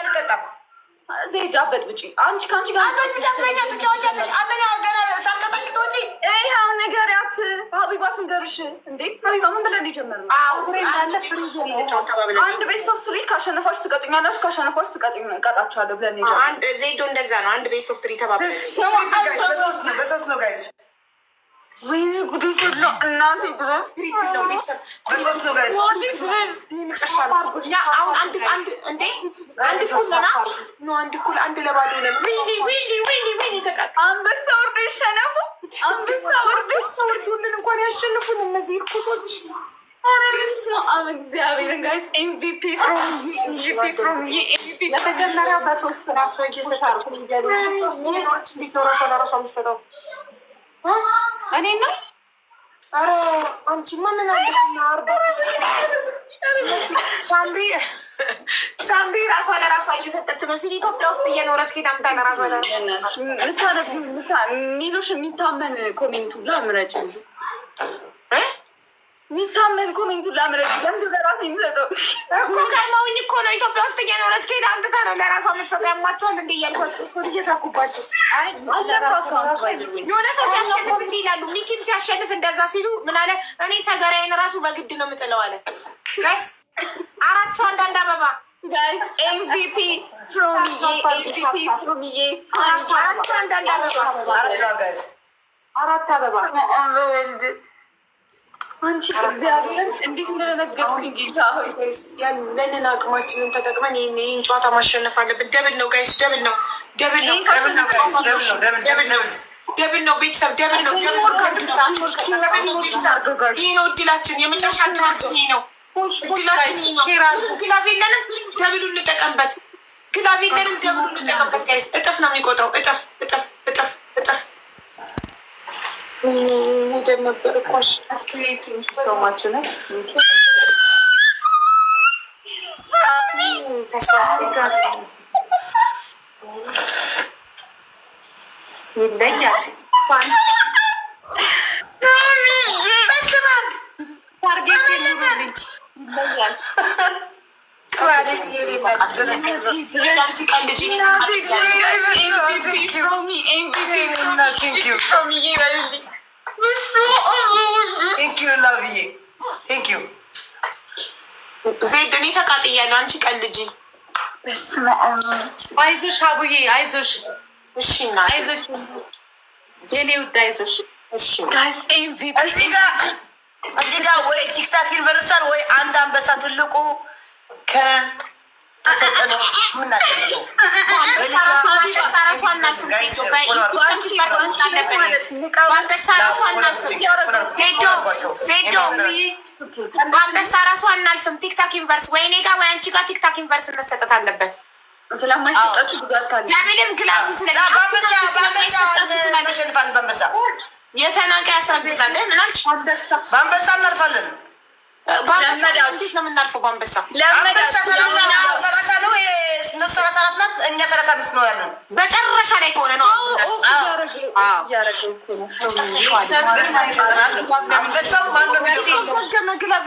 አልቀጣም። ዜድ አበጥብጪ። አንቺ ሀቢባ ትንገርሽ እንዴ? ሀቢባ ምን ብለን የጀመርነው አንድ ቤስት ስሪ ካሸነፋችሁ ትቀጡኛላችሁ፣ ካሸነፋችሁ ትቀጡኝ እቀጣችኋለሁ ብለን ዜዶ እንደዛ ነው። አንድ ቤስት ትሪ ተባብለን በሶስት ነው ጋይ ለመጀመሪያ በሶስት ራሷ እየሰራ እንዴት ነው ራሷ ለራሷ የምትሰራው እኔ ነው ኧረ አንቺማ ምን ሳምሪ ራሷ ለራሷ እየሰጠች ነው ሲል ኢትዮጵያ ውስጥ እየኖረች ኬዳምታ ለራሷ የሚሉሽ የሚታመን ኮሜንት ሁላ እንጂ የሚታመን ኮሜንቱን ላምረጥ ዘንድ ለራሱ የሚሰጠው እኮ ቀድመውኝ እኮ ነው። ኢትዮጵያ ውስጥ ኛ ነውነች ከሄዳ አምጥታ ነው ለራሷ የምትሰጠው። ያማቸዋል እንዲ እያልኳቸው እየሳኩባቸው የሆነ ሰው ሲያሸንፍ እንዲ ይላሉ። ሚኪም ሲያሸንፍ እንደዛ ሲሉ ምን አለ፣ እኔ ሰገራዬን ራሱ በግድ ነው የምጥለው አለ። ጋይስ አራት ሰው አንዳንድ አበባ ጋይስ ኤምቪፒ ፍሮምዬ ኤምቪፒ ፍሮምዬ አራት ሰው አንዳንድ አበባ አራት አበባ አንቺ እግዚአብሔር እንዴት እንደነገርኩኝ ጌታ ሆይ ያለንን አቅማችንን ተጠቅመን ይህን ጨዋታ ማሸነፍ አለብን። ደብል ነው ጋይስ፣ ደብል ነው፣ ደብል ነው፣ ደብል ነው ቤተሰብ፣ ደብል ነው፣ ይህ ነው እድላችን፣ የመጨረሻ እድላችን ይህ ነው። እድላችን ይህ ነው። ግላፍ የለንም፣ ደብሉ እንጠቀምበት። ግላፍ የለንም፣ ደብሉ እንጠቀምበት። ጋይስ እጥፍ ነው የሚቆጥረው፣ እጥፍ እጥፍ እጥፍ እጥፍ ሄደን ነበር እኮ ይለኛል ዜድ እኔ ተቃጥያለሁ። አንቺ ቀልጂ። አይዞሽ አቡዬ፣ አይዞሽ። እሺ አይዞሽ፣ የኔ ውድ አይዞሽ። እዚህ ጋ ወይ ቲክታክ ዩኒቨርሳል ወይ አንድ አንበሳ ትልቁ በአንበሳ ራሱ አናልፍም። ቲክታክ ዩኒቨርስ ወይ እኔ ጋ ወይ አንቺ ጋ ቲክታክ ዩኒቨርስ መሰጠት አለበት። ስለማይሰጣችሁ ለምንም ክላብም ስለማይሰጣችሁ በአንበሳ እናልፋለን እንዴት ላይ ከሆነ ነው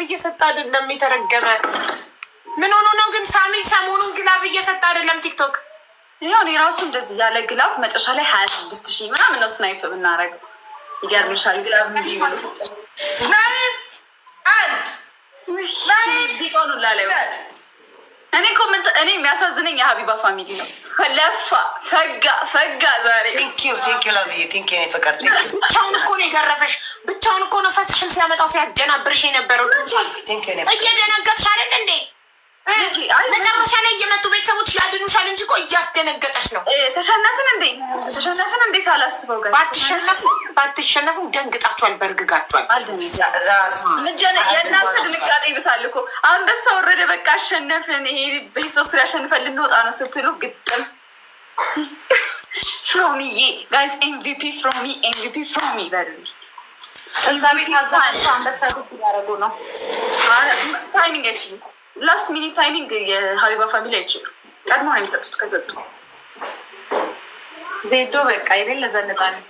እየሰጠ አይደለም። የተረገመ ምን ሆኖ ነው ግን ሳሚ? ሰሞኑን ግላፍ እየሰጠ አይደለም ቲክቶክ ያው እኔ ራሱ እንደዚህ ያለ ግላፍ መጨረሻ ላይ ሀያ ስድስት ሺህ ምናምን ነው ስናይፕ ይገርምሻል። አንድ እኔ እኮ እኔ የሚያሳዝነኝ የሀቢባ ፋሚሊ ነው። ለፋ ፈጋ ፈጋ ዛሬ ብቻውን እኮ ነው የገረፈሽ። ብቻውን እኮ ነው ፈስሽን ሲያመጣው ሲያደናብርሽ የነበረው እየደነገጥሽ አይደል እንዴ? መጨረሻ ላይ እየመጡ ቤተሰቦች ያድኑሻል እንጂ እኮ እያስደነገጠች ነው። ተሸነፍን እንዴ ተሸነፍን እንዴ ሳላስበው ጋር ባትሸነፉ ባትሸነፉም ደንግጣችኋል፣ በእርግጋችኋል። የእናንተ ድንጋጤ ይብሳል እኮ አንበሳ ወረደ፣ በቃ አሸነፍን፣ ይሄ ቤተሰብ ያሸንፈን ልንወጣ ነው ስትሉ ግጥም ፍሮሚዬ ጋይስ ኤምቪፒ ፍሮሚ ኤምቪፒ ፍሮሚ በሉ እዛ ቤት አንበሳ ያደረጉ ነው ታይሚንግ አይችልም ላስት ሚኒት ታይሚንግ የሀቢባ ፋሚሊ አይችልም። ቀድሞ ነው የሚሰጡት። ከሰጡ ዜዶ በቃ የሌለ ዘንጣ ነው።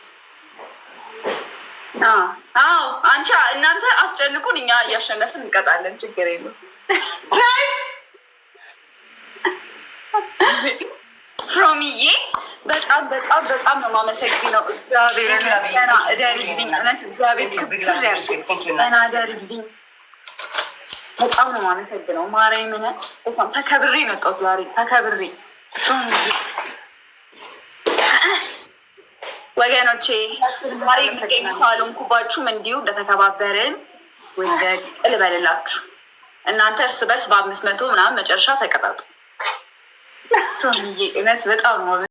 አዎ አንቺ እናንተ አስጨንቁን፣ እኛ እያሸነፍን እንቀጣለን። ችግር የለም። ፕሮሚዬ በጣም በጣም በጣም ነው የማመሰግነው። እግዚአብሔር እግዚአብሔር እግዚአብሔር ያደርግልኝ በጣም ነው የማመሰግነው። ማርያምን ተከብሬ ነው ዛሬ ተከብሬ። ወገኖቼ ዛሬ የሚገኝ ሰው አልሆንኩባችሁም። እንዲሁ እንደተከባበርን ወደ ቅል እናንተ እርስ በርስ በአምስት መቶ ምናምን መጨረሻ ተቀጣጡ። እውነት በጣም ነው